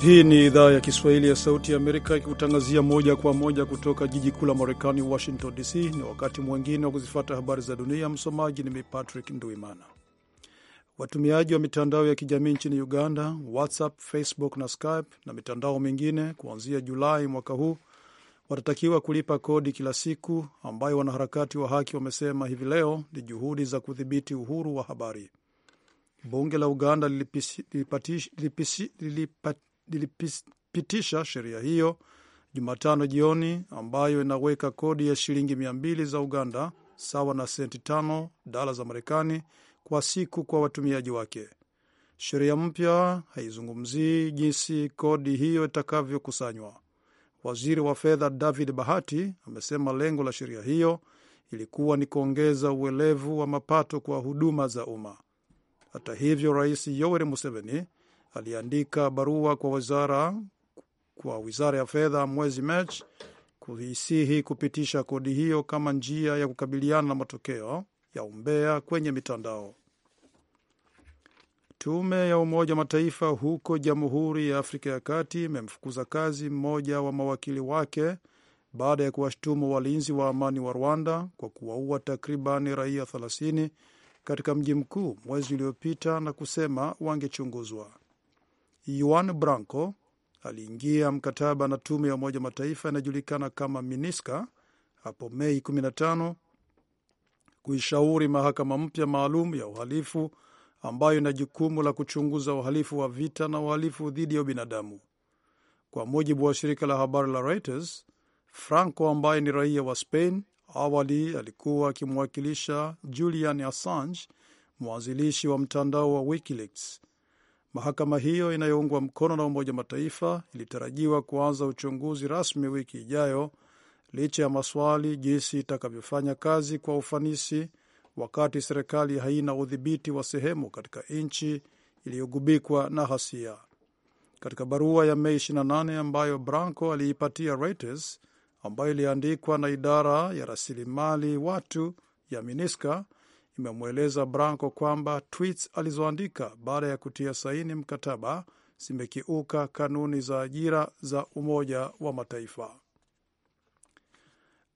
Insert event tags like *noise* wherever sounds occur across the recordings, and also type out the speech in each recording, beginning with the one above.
Hii ni idhaa ya Kiswahili ya Sauti ya Amerika ikikutangazia moja kwa moja kutoka jiji kuu la Marekani, Washington DC. Ni wakati mwingine wa kuzifata habari za dunia. Msomaji ni mipatrick Patrick Nduimana. Watumiaji wa mitandao ya kijamii nchini Uganda, WhatsApp, Facebook na Skype na mitandao mingine, kuanzia Julai mwaka huu watatakiwa kulipa kodi kila siku, ambayo wanaharakati wa haki wamesema hivi leo ni juhudi za kudhibiti uhuru wa habari. Bunge la Uganda lilipat, lilipitisha sheria hiyo Jumatano jioni ambayo inaweka kodi ya shilingi mbili za Uganda sawa na senti tano dala za Marekani kwa siku kwa watumiaji wake. Sheria mpya haizungumzii jinsi kodi hiyo itakavyokusanywa. Waziri wa fedha David Bahati amesema lengo la sheria hiyo ilikuwa ni kuongeza uelevu wa mapato kwa huduma za umma. Hata hivyo, Rais Yoweri Museveni aliandika barua kwa wizara kwa wizara ya fedha mwezi Machi kuisihi kupitisha kodi hiyo kama njia ya kukabiliana na matokeo ya umbea kwenye mitandao. Tume ya Umoja wa Mataifa huko Jamhuri ya Afrika ya Kati imemfukuza kazi mmoja wa mawakili wake baada ya kuwashtumu walinzi wa amani wa Rwanda kwa kuwaua takribani raia 30 katika mji mkuu mwezi uliopita na kusema wangechunguzwa. Juan Branco aliingia mkataba na tume ya Umoja Mataifa inayojulikana kama MINISCA hapo Mei 15 kuishauri mahakama mpya maalum ya uhalifu ambayo ina jukumu la kuchunguza uhalifu wa vita na uhalifu dhidi ya ubinadamu Kwa mujibu wa shirika la habari la Reuters, Franco ambaye ni raia wa Spain awali alikuwa akimwakilisha Julian Assange, mwanzilishi wa mtandao wa WikiLeaks Mahakama hiyo inayoungwa mkono na Umoja Mataifa ilitarajiwa kuanza uchunguzi rasmi wiki ijayo, licha ya maswali jinsi itakavyofanya kazi kwa ufanisi wakati serikali haina udhibiti wa sehemu katika nchi iliyogubikwa na hasia. Katika barua ya Mei 28 ambayo Branco aliipatia Reuters, ambayo iliandikwa na idara ya rasilimali watu ya minisca imemweleza Branco kwamba tweets alizoandika baada ya kutia saini mkataba zimekiuka kanuni za ajira za Umoja wa Mataifa.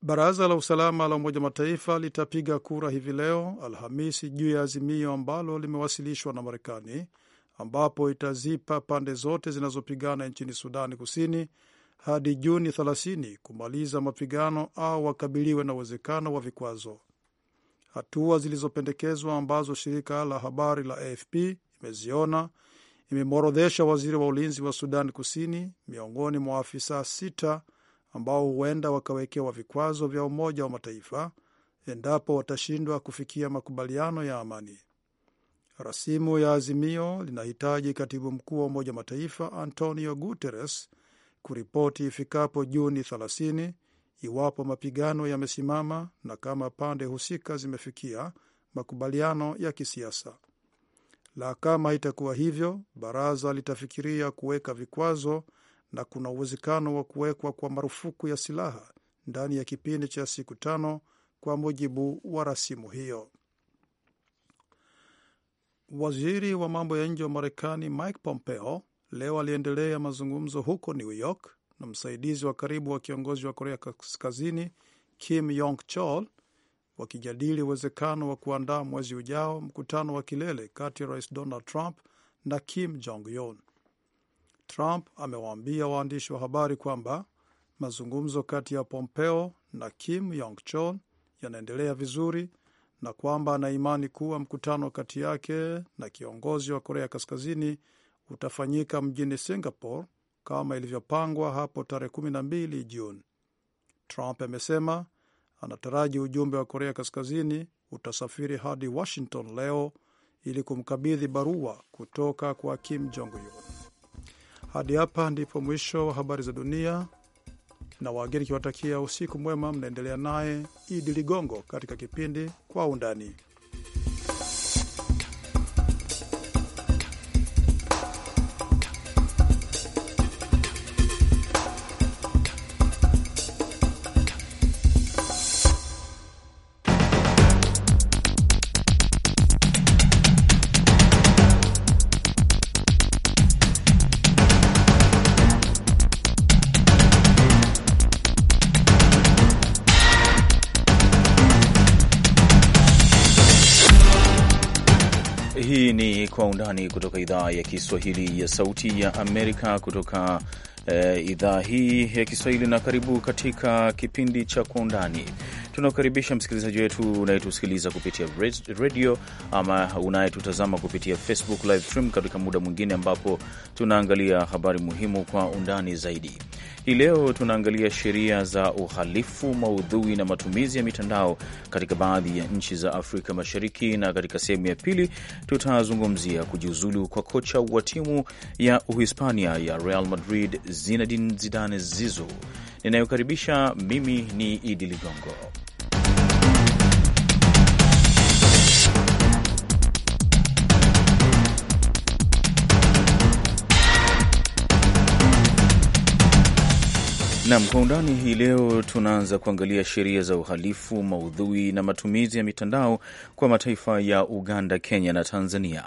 Baraza la Usalama la Umoja wa Mataifa litapiga kura hivi leo Alhamisi juu ya azimio ambalo limewasilishwa na Marekani ambapo itazipa pande zote zinazopigana nchini Sudani Kusini hadi Juni 30 kumaliza mapigano au wakabiliwe na uwezekano wa vikwazo. Hatua zilizopendekezwa ambazo shirika la habari la AFP imeziona imemworodhesha waziri wa ulinzi wa Sudan Kusini miongoni mwa afisa sita ambao huenda wakawekewa vikwazo vya Umoja wa Mataifa endapo watashindwa kufikia makubaliano ya amani. Rasimu ya azimio linahitaji katibu mkuu wa Umoja wa Mataifa Antonio Guterres kuripoti ifikapo Juni 30 iwapo mapigano yamesimama na kama pande husika zimefikia makubaliano ya kisiasa. La kama itakuwa hivyo, baraza litafikiria kuweka vikwazo na kuna uwezekano wa kuwekwa kwa marufuku ya silaha ndani ya kipindi cha siku tano kwa mujibu wa rasimu hiyo. Waziri wa mambo ya nje wa Marekani Mike Pompeo leo aliendelea mazungumzo huko New York na msaidizi wa karibu wa kiongozi wa Korea Kaskazini Kim Yong Chol wakijadili uwezekano wa kuandaa mwezi ujao mkutano wa kilele kati ya Rais Donald Trump na Kim Jong Un. Trump amewaambia waandishi wa habari kwamba mazungumzo kati ya Pompeo na Kim Yong Chol yanaendelea vizuri na kwamba ana imani kuwa mkutano kati yake na kiongozi wa Korea Kaskazini utafanyika mjini Singapore kama ilivyopangwa hapo tarehe 12 Juni. Trump amesema anataraji ujumbe wa Korea Kaskazini utasafiri hadi Washington leo ili kumkabidhi barua kutoka kwa Kim Jong Un. Hadi hapa ndipo mwisho wa habari za dunia, na wageni kiwatakia usiku mwema. Mnaendelea naye Idi Ligongo katika kipindi Kwa Undani. idhaa ya Kiswahili ya Sauti ya Amerika kutoka eh, idhaa hii ya Kiswahili, na karibu katika kipindi cha Kwa Undani. Tunakukaribisha msikilizaji wetu unayetusikiliza kupitia redio ama unayetutazama kupitia Facebook live stream katika muda mwingine ambapo tunaangalia habari muhimu kwa undani zaidi. Hii leo tunaangalia sheria za uhalifu, maudhui na matumizi ya mitandao katika baadhi ya nchi za Afrika Mashariki, na katika sehemu ya pili tutazungumzia kujiuzulu kwa kocha wa timu ya Uhispania ya Real Madrid Zinedine Zidane zizo Ninayokaribisha mimi ni Idi Ligongo. Nam kwa undani hii leo tunaanza kuangalia sheria za uhalifu, maudhui na matumizi ya mitandao kwa mataifa ya Uganda, Kenya na Tanzania.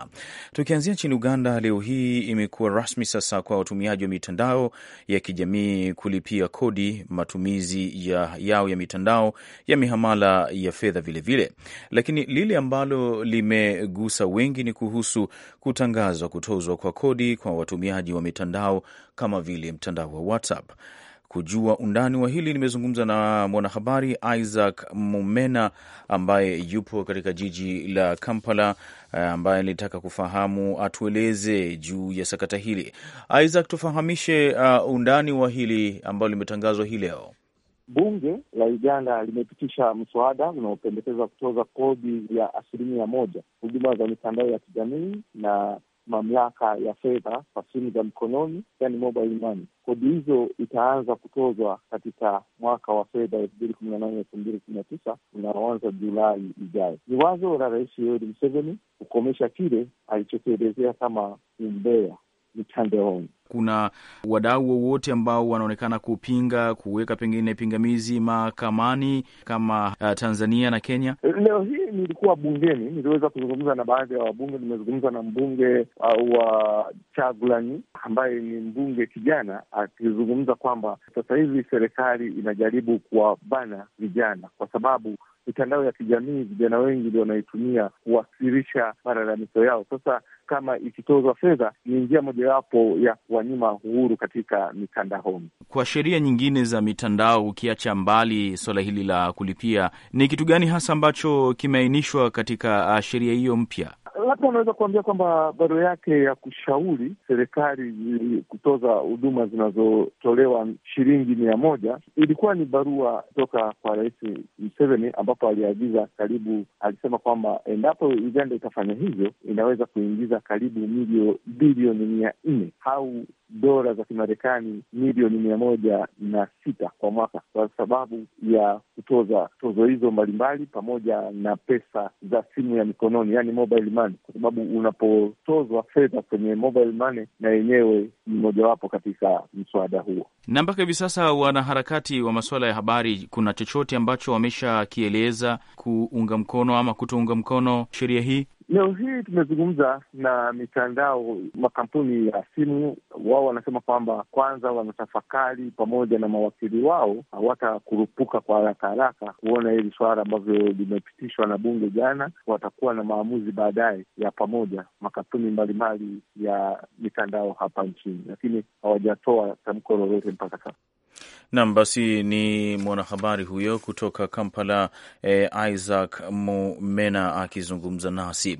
Tukianzia nchini Uganda, leo hii imekuwa rasmi sasa kwa watumiaji wa mitandao ya kijamii kulipia kodi matumizi ya yao ya mitandao ya mihamala ya fedha vilevile. Lakini lile ambalo limegusa wengi ni kuhusu kutangazwa kutozwa kwa kodi kwa watumiaji wa mitandao kama vile mtandao wa WhatsApp. Kujua undani wa hili, nimezungumza na mwanahabari Isaac Mumena ambaye yupo katika jiji la Kampala, eh, ambaye nilitaka kufahamu atueleze juu ya sakata hili. Isaac, tufahamishe uh, undani wa hili ambalo limetangazwa hii leo. Bunge la Uganda limepitisha mswada unaopendekeza kutoza kodi ya asilimia moja huduma za mitandao ya kijamii na mamlaka ya fedha kwa simu za mkononi, yani mobile money. Kodi hizo itaanza kutozwa katika mwaka wa fedha elfu mbili kumi na nane elfu mbili kumi na tisa unaoanza Julai ijayo. Ni wazo la Rais Yoweri Museveni kukomesha kile alichokielezea kama umbea mitandaoni. Kuna wadau wowote ambao wanaonekana kupinga kuweka pengine pingamizi mahakamani kama uh, Tanzania na Kenya? Leo hii nilikuwa bungeni, niliweza kuzungumza na baadhi ya wabunge. Nimezungumza na mbunge uh, wa Chagulani ambaye ni mbunge kijana, akizungumza kwamba sasa hivi serikali inajaribu kuwabana vijana kwa sababu mitandao ya kijamii vijana wengi ndio wanaitumia kuwasilisha malalamiko yao. Sasa kama ikitozwa fedha, ni njia mojawapo ya kuwanyima uhuru katika mitandaoni. Kwa sheria nyingine za mitandao, ukiacha mbali swala hili la kulipia, ni kitu gani hasa ambacho kimeainishwa katika ah, sheria hiyo mpya? labda unaweza kuambia kwamba barua yake ya kushauri serikali kutoza huduma zinazotolewa shilingi mia moja ilikuwa ni barua kutoka kwa Rais Museveni, ambapo aliagiza karibu, alisema kwamba endapo Uganda itafanya hivyo inaweza kuingiza karibu milio bilioni mia nne au dola za Kimarekani milioni mia moja na sita kwa mwaka kwa sababu ya kutoza tozo hizo mbalimbali pamoja na pesa za simu ya mikononi, yani mobile money nyumbani, kwa sababu unapotozwa fedha kwenye mobile money na yenyewe ni mojawapo katika mswada huo. Na mpaka hivi sasa wanaharakati wa masuala ya habari, kuna chochote ambacho wameshakieleza kuunga mkono ama kutounga mkono sheria hii? Leo hii tumezungumza na mitandao, makampuni ya simu. Wao wanasema kwamba kwanza wanatafakari pamoja na mawakili wao, hawatakurupuka kwa haraka haraka kuona hili swala ambavyo limepitishwa na bunge jana. Watakuwa na maamuzi baadaye ya pamoja, makampuni mbalimbali ya mitandao hapa nchini, lakini hawajatoa tamko lolote mpaka sasa. Nam, basi ni mwanahabari huyo kutoka Kampala e, Isaac Mumena akizungumza nasi.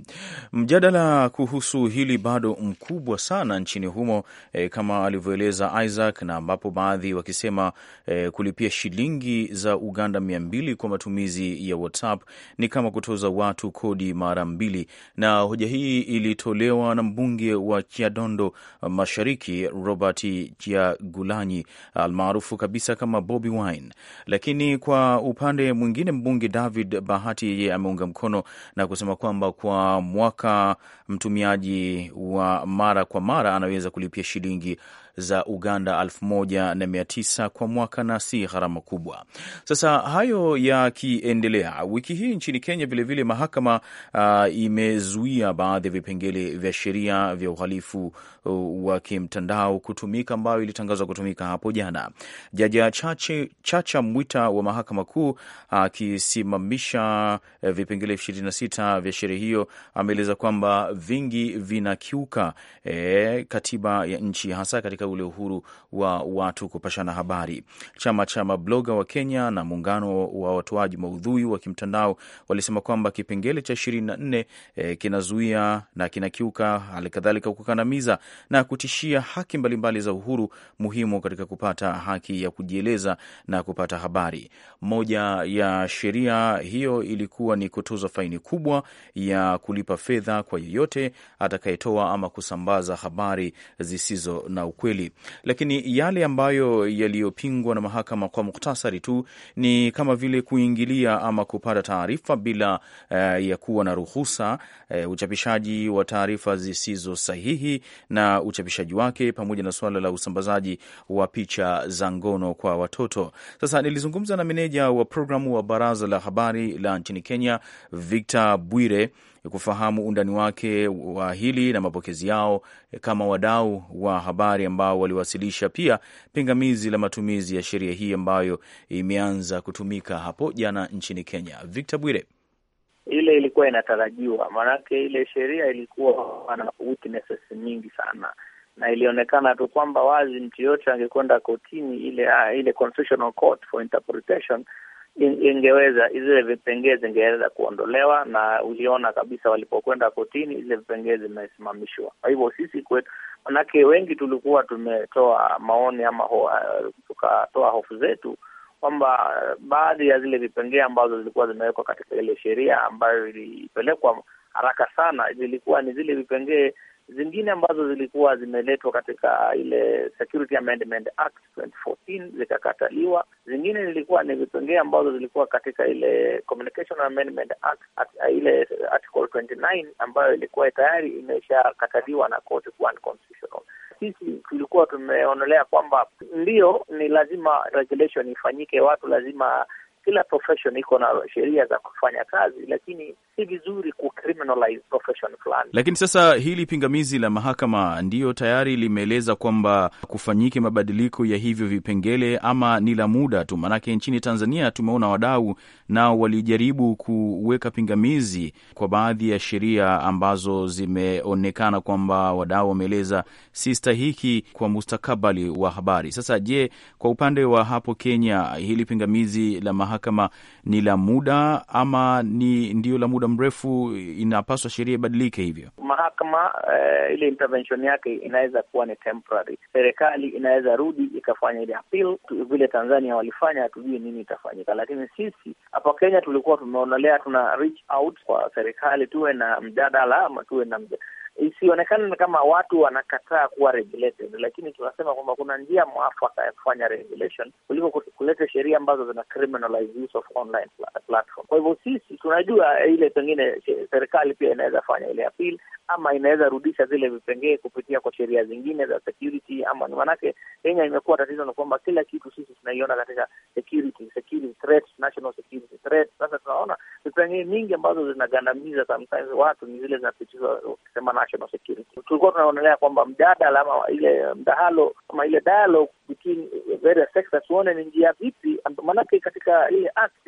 Mjadala kuhusu hili bado mkubwa sana nchini humo e, kama alivyoeleza Isaac, na ambapo baadhi wakisema e, kulipia shilingi za Uganda mia mbili kwa matumizi ya WhatsApp ni kama kutoza watu kodi mara mbili, na hoja hii ilitolewa na mbunge wa Chiadondo Mashariki Robert Chiagulanyi almaarufu kabisa kabisa kama Bobi Wine. Lakini kwa upande mwingine, mbunge David Bahati yeye ameunga mkono na kusema kwamba kwa mwaka mtumiaji wa mara kwa mara anaweza kulipia shilingi za Uganda 1900 kwa mwaka na si gharama kubwa. Sasa hayo yakiendelea, wiki hii nchini Kenya vilevile vile mahakama uh, imezuia baadhi ya vipengele vya sheria vya uhalifu uh, wa kimtandao kutumika ambayo ilitangazwa kutumika hapo jana. Jaji Chache Chacha Mwita wa mahakama kuu akisimamisha uh, uh, vipengele 26 vya sheria hiyo ameeleza kwamba vingi vinakiuka eh, katiba ya nchi hasa katika katika ule uhuru wa watu kupashana habari. Chama cha mabloga wa Kenya na muungano wa watoaji maudhui wa kimtandao walisema kwamba kipengele cha ishirini na nne eh, kinazuia na kinakiuka halikadhalika kukandamiza na kutishia haki mbalimbali za uhuru muhimu katika kupata haki ya kujieleza na kupata habari. Moja ya sheria hiyo ilikuwa ni kutoza faini kubwa ya kulipa fedha kwa yeyote atakayetoa ama kusambaza habari zisizo na ukweli kweli, lakini yale ambayo yaliyopingwa na mahakama kwa muktasari tu ni kama vile kuingilia ama kupata taarifa bila uh, ya kuwa na ruhusa uh, uchapishaji wa taarifa zisizo sahihi na uchapishaji wake, pamoja na suala la usambazaji wa picha za ngono kwa watoto. Sasa nilizungumza na meneja wa programu wa baraza la habari la nchini Kenya Victor Bwire kufahamu undani wake wa hili na mapokezi yao eh, kama wadau wa habari ambao waliwasilisha pia pingamizi la matumizi ya sheria hii ambayo imeanza kutumika hapo jana nchini Kenya. Victor Bwire, ile ilikuwa inatarajiwa, maanake ile sheria ilikuwa na weaknesses nyingi sana na ilionekana tu kwamba wazi mtu yoyote angekwenda kotini ile, uh, ile Constitutional Court for Interpretation ingeweza zile vipengee zingeweza kuondolewa, na uliona kabisa walipokwenda kotini zile vipengee zimesimamishwa. Kwa hivyo sisi kwetu, manake wengi tulikuwa tumetoa maoni ama ho, tukatoa hofu zetu kwamba baadhi ya zile vipengee ambazo zilikuwa zimewekwa katika ile sheria ambayo ilipelekwa haraka sana zilikuwa ni zile vipengee zingine ambazo zilikuwa zimeletwa katika ile Security Amendment Act 2014 zikakataliwa. Zingine zilikuwa ni vipengee ambazo zilikuwa katika ile Communication Amendment Act at, uh, ile Article 29 ambayo ilikuwa tayari imeshakataliwa na koti kuwa unconstitutional. Sisi tulikuwa tumeonelea kwamba ndio ni lazima regulation ifanyike, watu lazima kila profession iko na sheria za kufanya kazi, lakini si vizuri ku criminalize profession fulani. Lakini sasa hili pingamizi la mahakama ndiyo tayari limeeleza kwamba kufanyike mabadiliko ya hivyo vipengele ama ni la muda tu, maanake nchini Tanzania tumeona wadau nao walijaribu kuweka pingamizi kwa baadhi ya sheria ambazo zimeonekana kwamba wadau wameeleza si stahiki kwa mustakabali wa habari. Sasa je, kwa upande wa hapo Kenya hili pingamizi la mahakama mahakama ni la muda ama ni ndio la muda mrefu, inapaswa sheria ibadilike hivyo? Mahakama uh, ile intervention yake inaweza kuwa ni temporary. Serikali inaweza rudi ikafanya ile appeal vile Tanzania walifanya, hatujui nini itafanyika. Lakini sisi hapa Kenya tulikuwa tumeonelea tuna reach out kwa serikali, tuwe na mjadala ama tuwe na mjadala isionekane kama watu wanakataa kuwa regulated, lakini tunasema kwamba kuna njia mwafaka ya kufanya regulation kuliko kuleta sheria ambazo zina criminalize use of online platform. Kwa hivyo sisi tunajua ile pengine serikali pia inaweza fanya ile appeal ama inaweza rudisha zile vipengee kupitia kwa sheria zingine za security, ama maanake Kenya imekuwa tatizo ni kwamba kila kitu sisi tunaiona katika security, security national security Sasa tunaona vipengee mingi ambazo zinagandamiza sometimes watu ni zile zinapitishwa ukisema national security. Tulikuwa tunaonelea kwamba mjadala ama ile uh, mdahalo ama ile dialogue between uh, various sectors, tuone ni njia vipi, maanake katika ile act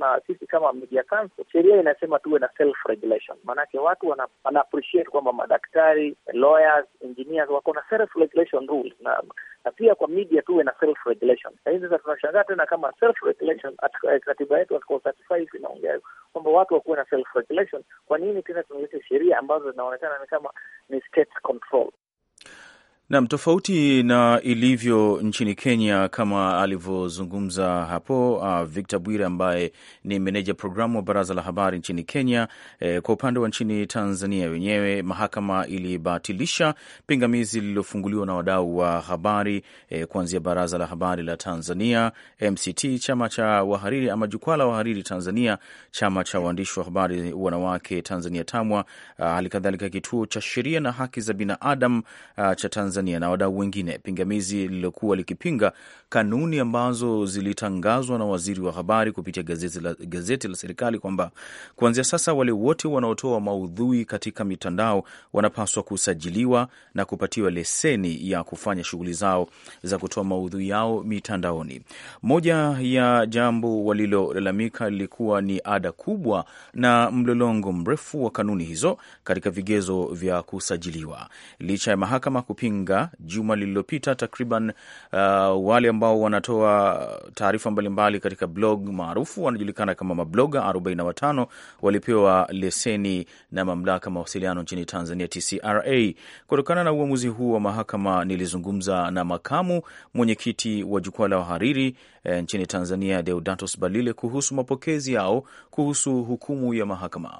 na sisi kama media council, sheria inasema tuwe na self regulation, maanake watu wana, wana appreciate kwamba madaktari, lawyers, engineers wako na self regulation rules na na pia kwa media tuwe na self regulation. Lakini sasa tunashangaa tena kama self regulation, katiba eh, yetu article 35 inaongea kwamba watu wakuwe na self regulation. Kwa nini tena tunaleta sheria ambazo zinaonekana ni kama ni state control? Nam, tofauti na ilivyo nchini Kenya, kama alivyozungumza hapo uh, Victor Bwire ambaye ni meneja programu wa baraza la habari nchini Kenya. E, kwa upande wa nchini Tanzania wenyewe mahakama ilibatilisha pingamizi lililofunguliwa na wadau wa habari e, kuanzia baraza la habari la Tanzania, MCT, chama cha wahariri ama jukwaa la wahariri Tanzania, chama cha waandishi wa habari wanawake Tanzania, TAMWA, halikadhalika uh, kituo cha sheria na haki za binadamu uh, cha Tanzania Tanzania na wadau wengine pingamizi lililokuwa likipinga kanuni ambazo zilitangazwa na waziri wa habari kupitia gazeti la, gazeti la serikali kwamba kuanzia sasa wale wote wanaotoa maudhui katika mitandao wanapaswa kusajiliwa na kupatiwa leseni ya kufanya shughuli zao za kutoa maudhui yao mitandaoni. Moja ya jambo walilolalamika lilikuwa ni ada kubwa na mlolongo mrefu wa kanuni hizo katika vigezo vya kusajiliwa licha ya mahakama kupinga Tanga juma lililopita takriban. Uh, wale ambao wanatoa taarifa mbalimbali katika blog maarufu wanajulikana kama mabloga 45 walipewa leseni na mamlaka mawasiliano nchini Tanzania TCRA. Kutokana na uamuzi huu wa mahakama, nilizungumza na makamu mwenyekiti wa jukwaa la wahariri e, nchini Tanzania Deodatus Balile kuhusu mapokezi yao kuhusu hukumu ya mahakama.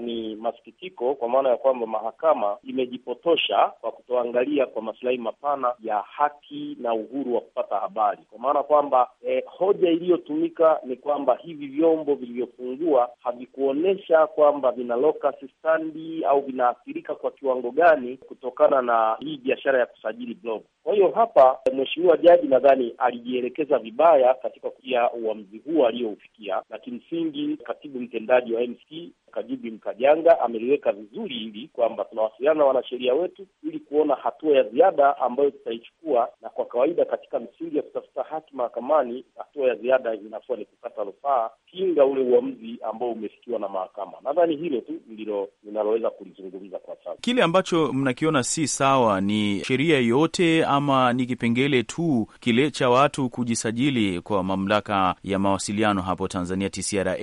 Ni masikitiko kwa maana ya kwamba mahakama imejipotosha kwa kutoangalia kwa masilahi mapana ya haki na uhuru wa kupata habari, kwa maana kwamba eh, hoja iliyotumika ni kwamba hivi vyombo vilivyofungua havikuonyesha kwamba vina locus standi au vinaathirika kwa kiwango gani kutokana na hii biashara ya kusajili blog. Kwa hiyo hapa eh, mheshimiwa jaji nadhani alijielekeza vibaya katika kufikia uamuzi huu aliyoufikia, na kimsingi katibu mtendaji wa MC kajibi Mkajanga ameliweka vizuri hili kwamba tunawasiliana na wanasheria wetu ili kuona hatua ya ziada ambayo tutaichukua, na kwa kawaida katika misingi ya kutafuta haki mahakamani, hatua ya ziada zinakuwa ni kukata rufaa pinga ule uamuzi ambao umefikiwa na mahakama. Nadhani hilo tu ndilo linaloweza kulizungumza kwa sasa. Kile ambacho mnakiona si sawa ni sheria yote ama ni kipengele tu kile cha watu kujisajili kwa mamlaka ya mawasiliano hapo Tanzania, TCRA?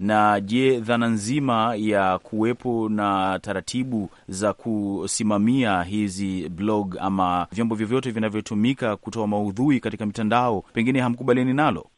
Na je, dhana nzima dhima ya kuwepo na taratibu za kusimamia hizi blog ama vyombo vyovyote vinavyotumika kutoa maudhui katika mitandao, pengine hamkubaliani nalo?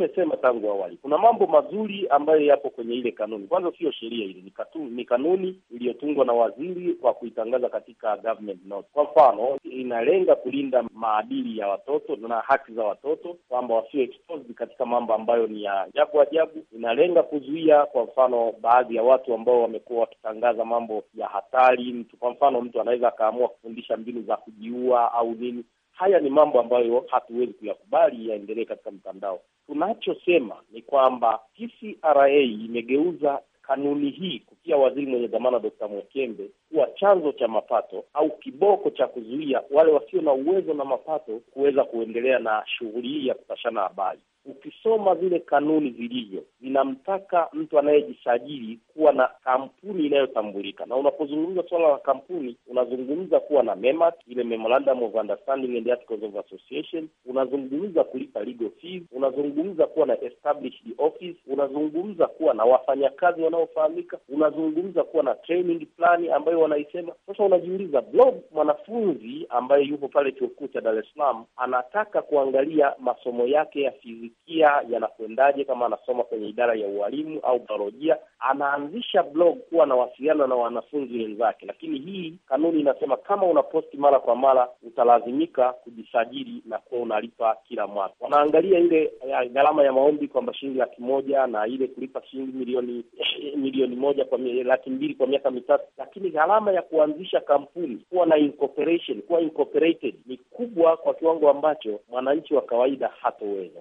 tumesema tangu awali, kuna mambo mazuri ambayo yapo kwenye ile kanuni. Kwanza sio sheria ile, ni ni kanuni iliyotungwa na waziri kwa kuitangaza katika government note. Kwa mfano, inalenga kulinda maadili ya watoto na haki za watoto kwamba wasio exposed katika mambo ambayo ni ya ajabu ajabu. Inalenga kuzuia kwa mfano baadhi ya watu ambao wamekuwa wakitangaza mambo ya hatari. Mtu kwa mfano, mtu anaweza akaamua kufundisha mbinu za kujiua au nini Haya ni mambo ambayo hatuwezi kuyakubali yaendelee katika mtandao. Tunachosema ni kwamba TCRA imegeuza kanuni hii kupitia waziri mwenye dhamana d Mwakembe kuwa chanzo cha mapato au kiboko cha kuzuia wale wasio na uwezo na mapato kuweza kuendelea na shughuli hii ya kupashana habari ukisoma vile kanuni zilivyo zinamtaka mtu anayejisajili kuwa na kampuni inayotambulika, na unapozungumza suala la kampuni unazungumza kuwa na MEMAT, ile Memorandum of Understanding and Articles of Association, unazungumza kulipa legal fees, unazungumza kuwa na established office, unazungumza kuwa na wafanyakazi wanaofahamika, unazungumza kuwa na training plani ambayo wanaisema. Sasa unajiuliza blog, mwanafunzi ambaye yupo pale chuo kikuu cha Dar es Salaam anataka kuangalia masomo yake ya fizi kushughulikia yanakwendaje, kama anasoma kwenye idara ya ualimu au biolojia, anaanzisha blog kuwa na wasiliana na wanafunzi wenzake. Lakini hii kanuni inasema kama unaposti mara kwa mara utalazimika kujisajili na kuwa unalipa kila mwaka. Wanaangalia ile gharama ya maombi kwamba shilingi laki moja na ile kulipa shilingi milioni eh, milioni moja kwa laki mbili kwa miaka mitatu, lakini gharama ya kuanzisha kampuni kuwa na incorporation, kuwa incorporated ni kubwa kwa kiwango ambacho mwananchi wa kawaida hatoweza.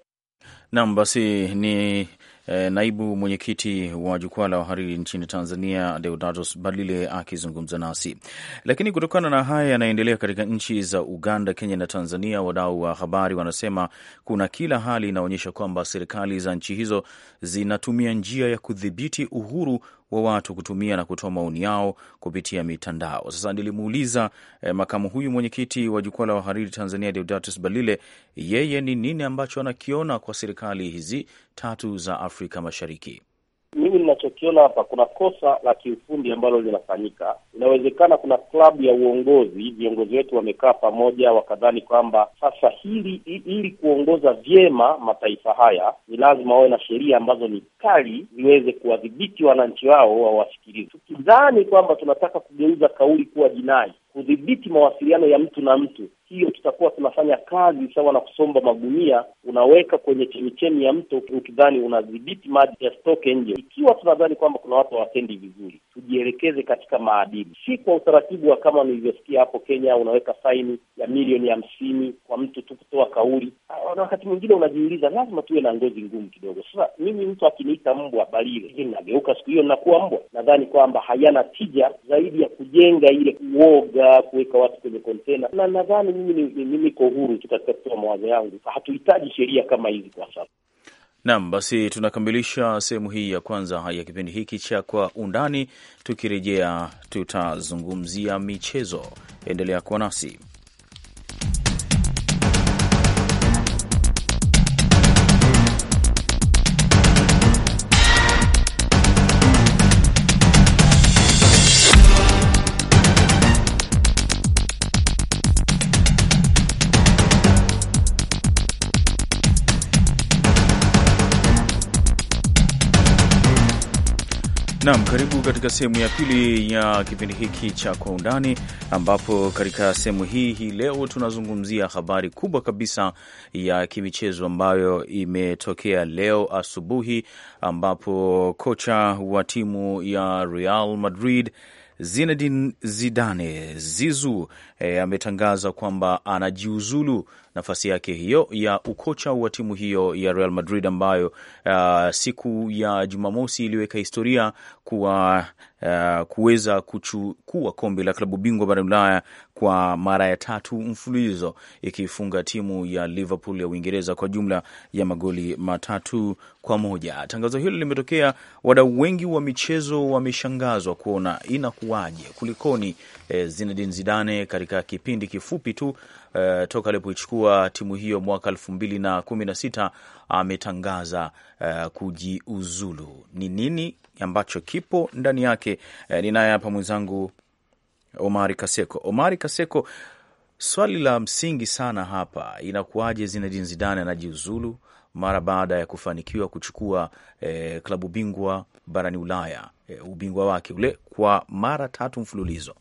Nam, basi ni e, naibu mwenyekiti wa jukwaa la wahariri nchini Tanzania, Deodatus Balile akizungumza nasi. Lakini kutokana na haya yanayoendelea katika nchi za Uganda, Kenya na Tanzania, wadau wa habari wanasema kuna kila hali inaonyesha kwamba serikali za nchi hizo zinatumia njia ya kudhibiti uhuru wa watu kutumia na kutoa maoni yao kupitia mitandao. Sasa nilimuuliza eh, makamu huyu mwenyekiti wa jukwaa la wahariri Tanzania Deodatus Balile, yeye ni nini ambacho anakiona kwa serikali hizi tatu za Afrika Mashariki ukiona hapa kuna kosa la kiufundi ambalo linafanyika. Inawezekana kuna klabu ya uongozi, viongozi wetu wamekaa pamoja, wakadhani kwamba sasa hili ili kuongoza vyema mataifa haya ni lazima wawe na sheria ambazo ni kali ziweze kuwadhibiti wananchi wao wawasikilize. Tukidhani kwamba tunataka kugeuza kauli kuwa jinai, kudhibiti mawasiliano ya mtu na mtu. Hiyo tutakuwa tunafanya kazi sawa na kusomba magunia, unaweka kwenye chemichemi ya mto ukidhani unadhibiti maji yasitoke nje, ikiwa tunadhani kwamba kuna watu hawatendi vizuri tujielekeze katika maadili, si kwa utaratibu wa kama nilivyosikia hapo Kenya, unaweka faini ya milioni hamsini kwa mtu tu kutoa kauli. Ah, na wakati mwingine unajiuliza, lazima tuwe na ngozi ngumu kidogo. Sasa mimi mtu akiniita mbwa balile, nageuka siku hiyo nakuwa mbwa. Nadhani kwamba hayana tija zaidi ya kujenga ile uoga, kuweka watu kwenye kontena, na nadhani mimi niko huru tu katika kutoa mawazo yangu. Hatuhitaji sheria kama hizi kwa sasa. Nam, basi tunakamilisha sehemu hii ya kwanza ya kipindi hiki cha Kwa Undani. Tukirejea tutazungumzia michezo. Endelea kuwa nasi. Naam, karibu katika sehemu ya pili ya kipindi hiki cha Kwa Undani, ambapo katika sehemu hii hii leo tunazungumzia habari kubwa kabisa ya kimichezo ambayo imetokea leo asubuhi, ambapo kocha wa timu ya Real Madrid Zinedine Zidane Zizu e, ametangaza kwamba anajiuzulu nafasi yake hiyo ya ukocha wa timu hiyo ya Real Madrid ambayo uh, siku ya Jumamosi iliweka historia kuwa uh, kuweza kuchukua kombe la klabu bingwa barani Ulaya kwa mara ya tatu mfululizo ikiifunga timu ya Liverpool ya Uingereza kwa jumla ya magoli matatu kwa moja. Tangazo hilo limetokea, wadau wengi wa michezo wameshangazwa kuona inakuwaje, kulikoni? eh, Zinedine Zidane katika kipindi kifupi tu e, toka alipoichukua timu hiyo mwaka elfu mbili na kumi na sita ametangaza e, kujiuzulu. Ni nini ambacho kipo ndani yake? E, ninaye hapa mwenzangu Omari Kaseko. Omari Kaseko, swali la msingi sana hapa, inakuwaje Zinedine Zidane anajiuzulu mara baada ya kufanikiwa kuchukua eh, klabu bingwa barani Ulaya eh, ubingwa wake ule kwa mara tatu mfululizo?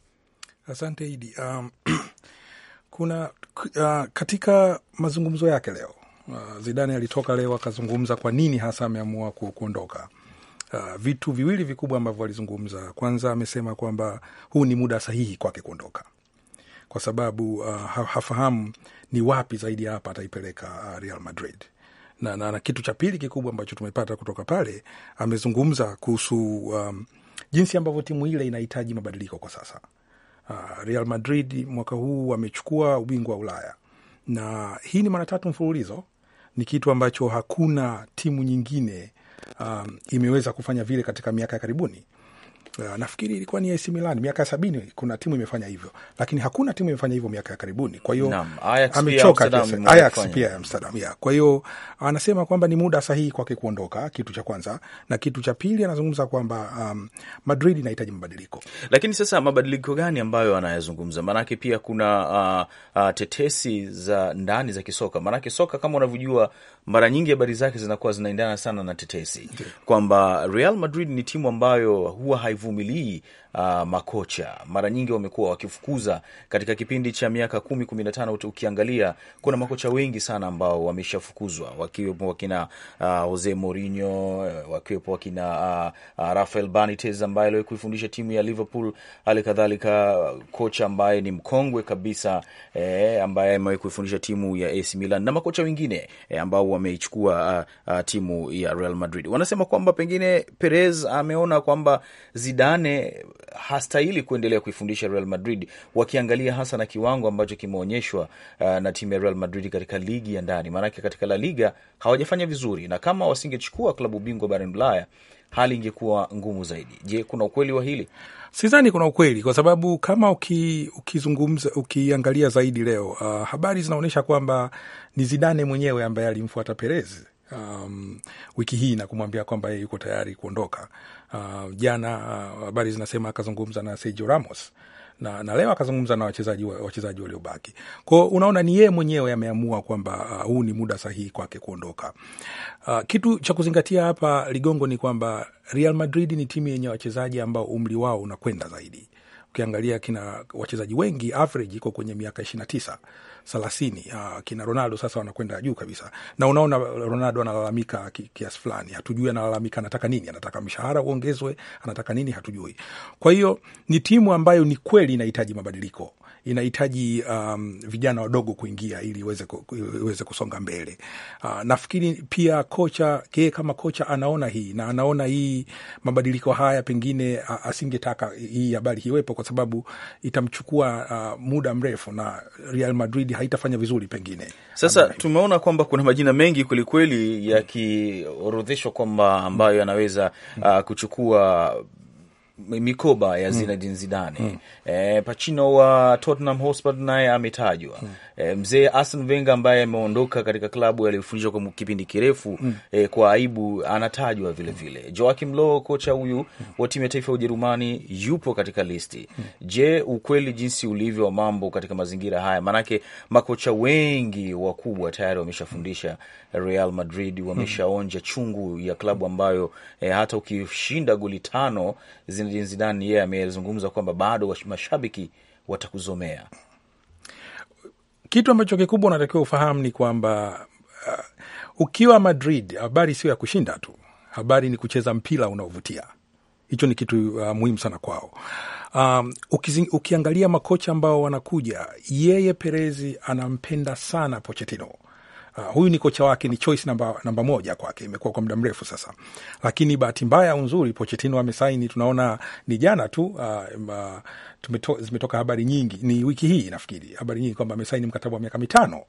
Asante Idi. Um, *clears throat* kuna uh, katika mazungumzo yake leo uh, Zidane alitoka leo akazungumza kwa nini hasa ameamua kuondoka uh, vitu viwili vikubwa ambavyo walizungumza. Kwanza amesema kwamba huu ni muda sahihi kwake kuondoka kwa sababu uh, hafahamu ni wapi zaidi ya hapa ataipeleka uh, Real Madrid. Na, na, na kitu cha pili kikubwa ambacho tumepata kutoka pale, amezungumza kuhusu um, jinsi ambavyo timu ile inahitaji mabadiliko kwa sasa. Uh, Real Madrid mwaka huu wamechukua ubingwa wa Ulaya na hii ni mara tatu mfululizo. Ni kitu ambacho hakuna timu nyingine um, imeweza kufanya vile katika miaka ya karibuni. Uh, nafikiri ilikuwa ni AC Milan miaka ya sabini, kuna timu imefanya hivyo, lakini hakuna timu imefanya hivyo miaka ya karibuni. Kwa hiyo amechoka Ajax pia Amsterdam ya. Kwa hiyo anasema kwamba ni muda sahihi kwake kuondoka, kitu cha kwanza, na kitu cha pili anazungumza kwamba um, Madrid inahitaji mabadiliko. Lakini sasa mabadiliko gani ambayo anayazungumza? Maanake pia kuna uh, uh, tetesi za ndani za kisoka, maanake soka kama unavyojua mara nyingi habari zake zinakuwa zinaendana sana na tetesi kwamba Real Madrid ni timu ambayo huwa haivumilii uh, makocha mara nyingi wamekuwa wakifukuza katika kipindi cha miaka kumi kumi na tano. Ukiangalia kuna makocha wengi sana ambao wameshafukuzwa wakiwepo wakina uh, Jose Mourinho, uh, wakiwepo wakina uh, uh, Rafael Benitez ambaye aliwahi kuifundisha timu ya Liverpool, hali kadhalika uh, kocha ambaye ni mkongwe kabisa eh, ambaye amewahi kuifundisha timu ya AC Milan na makocha wengine eh, ambao wameichukua uh, uh, timu ya Real Madrid. Wanasema kwamba pengine Perez ameona kwamba Zidane hastahili kuendelea kuifundisha Real Madrid, wakiangalia hasa na kiwango ambacho kimeonyeshwa uh, na timu ya Real Madrid katika ligi ya ndani. Maanake katika La Liga hawajafanya vizuri, na kama wasingechukua klabu bingwa barani Ulaya hali ingekuwa ngumu zaidi. Je, kuna ukweli wa hili? Sidhani kuna ukweli, kwa sababu kama ukizungumza uki ukiangalia zaidi leo, uh, habari zinaonyesha kwamba ni Zidane mwenyewe ambaye alimfuata Perez um, wiki hii na kumwambia kwamba yeye yuko tayari kuondoka. Uh, jana uh, habari uh, zinasema akazungumza na Sergio Ramos na, na leo akazungumza na wachezaji wachezaji waliobaki kwao. Unaona, ni yeye mwenyewe ameamua kwamba uh, huu ni muda sahihi kwake kuondoka. Uh, kitu cha kuzingatia hapa Ligongo ni kwamba Real Madrid ni timu yenye wachezaji ambao umri wao unakwenda zaidi. Ukiangalia kina wachezaji wengi average iko kwenye miaka ishirini na tisa thelathini. Ah, kina Ronaldo sasa wanakwenda juu kabisa, na unaona Ronaldo analalamika kiasi fulani, hatujui analalamika anataka nini, anataka mshahara uongezwe, anataka nini, hatujui. Kwa hiyo ni timu ambayo ni kweli inahitaji mabadiliko inahitaji um, vijana wadogo kuingia ili iweze, iweze kusonga mbele. Uh, nafikiri pia kocha yeye kama kocha anaona hii na anaona hii mabadiliko haya, pengine uh, asingetaka hii habari hiwepo kwa sababu itamchukua uh, muda mrefu na Real Madrid haitafanya vizuri pengine. Sasa tumeona kwamba kuna majina mengi kwelikweli yakiorodheshwa kwamba ambayo yanaweza uh, kuchukua mikoba ya mm. Zinedine Zidane mm. E, Pacino wa Tottenham Hotspur naye ametajwa mm. E, mzee Arsene Wenger ambaye ameondoka katika klabu aliyofundishwa kwa kipindi kirefu mm. E, kwa aibu anatajwa vilevile vile. Joachim Low kocha huyu mm. wa timu ya taifa ya Ujerumani yupo katika listi mm. Je, ukweli jinsi ulivyo wa mambo katika mazingira haya, maanake makocha wengi wakubwa tayari wameshafundisha Real Madrid, wameshaonja mm. chungu ya klabu ambayo e, hata ukishinda goli tano zina zinedine Zidane yeye yeah, amezungumza kwamba bado mashabiki watakuzomea. Kitu ambacho kikubwa unatakiwa ufahamu ni kwamba uh, ukiwa Madrid habari sio ya kushinda tu, habari ni kucheza mpira unaovutia. Hicho ni kitu uh, muhimu sana kwao. Um, ukiangalia makocha ambao wanakuja, yeye Perezi anampenda sana Pochettino Uh, huyu ni kocha wake, ni choice namba, namba moja kwake, imekuwa kwa muda mrefu sasa, lakini bahati mbaya au nzuri Pochettino amesaini, tunaona ni jana tu uh, tumeto, zimetoka habari nyingi, ni wiki hii nafikiri, habari nyingi kwamba amesaini mkataba wa miaka mitano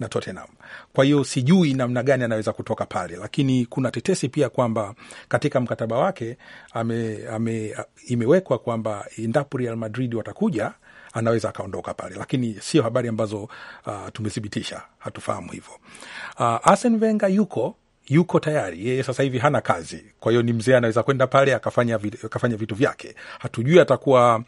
na Tottenham. Kwa hiyo sijui namna gani anaweza kutoka pale, lakini kuna tetesi pia kwamba katika mkataba wake ame, ame, ah, imewekwa kwamba endapo Real Madrid watakuja anaweza akaondoka pale, lakini sio habari ambazo uh, tumethibitisha, hatufahamu hivyo. Uh, Arsene Wenger yuko yuko tayari yeye, sasa hivi hana kazi, kwa hiyo ni mzee, anaweza kwenda pale akafanya, akafanya vitu vyake. Hatujui atakuwa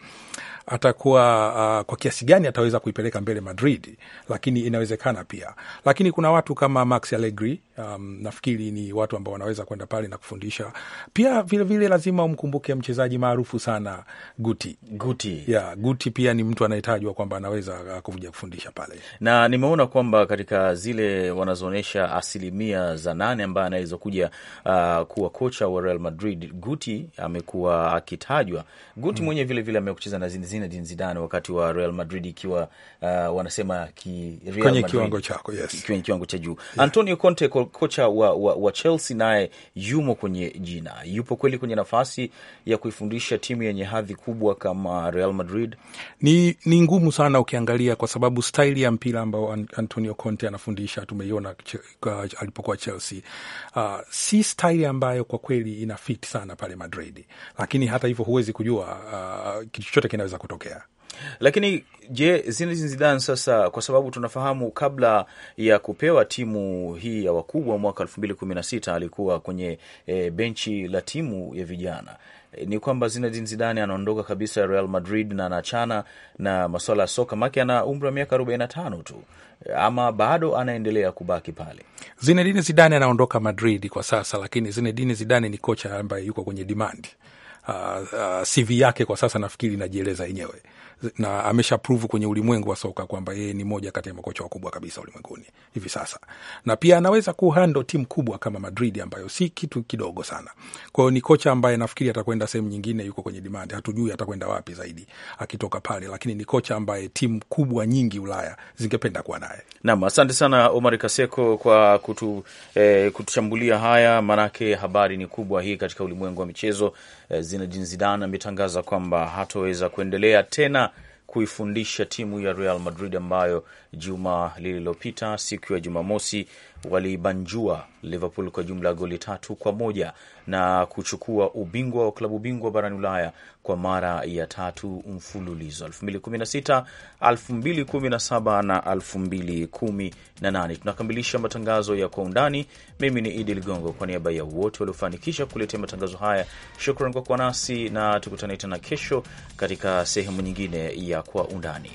atakuwa uh, kwa kiasi gani ataweza kuipeleka mbele Madrid, lakini inawezekana pia. Lakini kuna watu kama Max Allegri, um, nafikiri ni watu ambao wanaweza kwenda pale na kufundisha pia vilevile. Vile lazima umkumbuke mchezaji maarufu sana Guti. Guti. Yeah, Guti pia ni mtu anayetajwa kwamba anaweza ah, kuja kufundisha pale, na nimeona kwamba katika zile wanazoonyesha asilimia za nane ambaye anaweza kuja uh, kuwa kocha wa Real Madrid, Guti amekuwa akitajwa. Guti mm. mwenyewe vilevile amekucheza na zinzi Zinedine Zidane wakati wa Real Madrid ikiwa uh, wanasema ki kwenye kiwango chako, yes, kwenye kiwango cha juu yeah. Antonio Conte ko kocha wa, wa, wa Chelsea naye yumo kwenye jina, yupo kweli kwenye nafasi ya kuifundisha timu yenye hadhi kubwa kama Real Madrid. Ni, ni ngumu sana ukiangalia, kwa sababu staili ya mpira ambao Antonio Conte anafundisha tumeiona alipokuwa Chelsea uh, si staili ambayo kwa kweli ina fit sana pale Madrid, lakini hata hivyo huwezi kujua uh, kitu chochote kinaweza kutokea. Lakini je, Zinedine Zidane sasa, kwa sababu tunafahamu kabla ya kupewa timu hii ya wakubwa mwaka elfu mbili kumi na sita alikuwa kwenye e, benchi la timu ya vijana e, ni kwamba Zinedine Zidane anaondoka kabisa Real Madrid na anaachana na masuala ya soka make, ana umri wa miaka arobaini na tano tu ama bado anaendelea kubaki pale. Zinedine Zidane anaondoka Madrid kwa sasa, lakini Zinedine Zidane ni kocha ambaye yuko kwenye dimandi uh, uh CV yake kwa sasa nafikiri inajieleza yenyewe na amesha pruvu kwenye ulimwengu wa soka kwamba yeye ni moja kati ya makocha wakubwa kabisa ulimwenguni hivi sasa, na pia anaweza kuhandle timu kubwa kama Madrid ambayo si kitu kidogo sana. Kwa hiyo ni kocha ambaye nafikiri atakwenda sehemu nyingine, yuko kwenye demand, hatujui atakwenda wapi zaidi akitoka pale, lakini ni kocha ambaye timu kubwa nyingi Ulaya zingependa kuwa naye. Naam, asante sana Omar Kaseko kwa kutu, eh, kutuchambulia haya, maanake habari ni kubwa hii katika ulimwengu wa michezo Eh, Zinedine Zidane ametangaza kwamba hataweza kuendelea tena kuifundisha timu ya Real Madrid ambayo juma lililopita siku ya Jumamosi walibanjua Liverpool kwa jumla ya goli tatu kwa moja na kuchukua ubingwa wa klabu bingwa barani Ulaya kwa mara ya tatu mfululizo 2016, 2017 na 2018. Tunakamilisha matangazo ya kwa undani. Mimi ni Idi Ligongo, kwa niaba ya wote waliofanikisha kuletea matangazo haya, shukran kwa kuwa nasi na tukutane tena kesho katika sehemu nyingine ya kwa undani.